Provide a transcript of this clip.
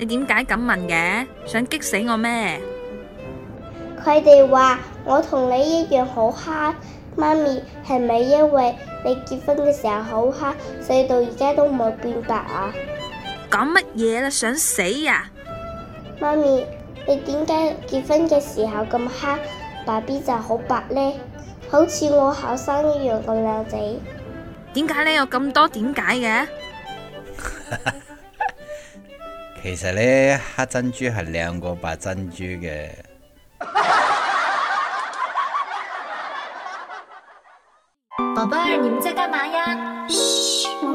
你點解咁問嘅？想激死我咩？佢哋話我同你一樣好黑，媽咪係咪因為你結婚嘅時候好黑，所以到而家都冇變白啊？講乜嘢啦？想死呀，啊！媽咪，你點解結婚嘅時候咁黑，爸 B 就好白呢？好似我後生一樣咁靚仔。點解你有咁多點解嘅？ 其實咧，黑珍珠係靚過白珍珠嘅。 寶貝，你們在幹嘛呀？噓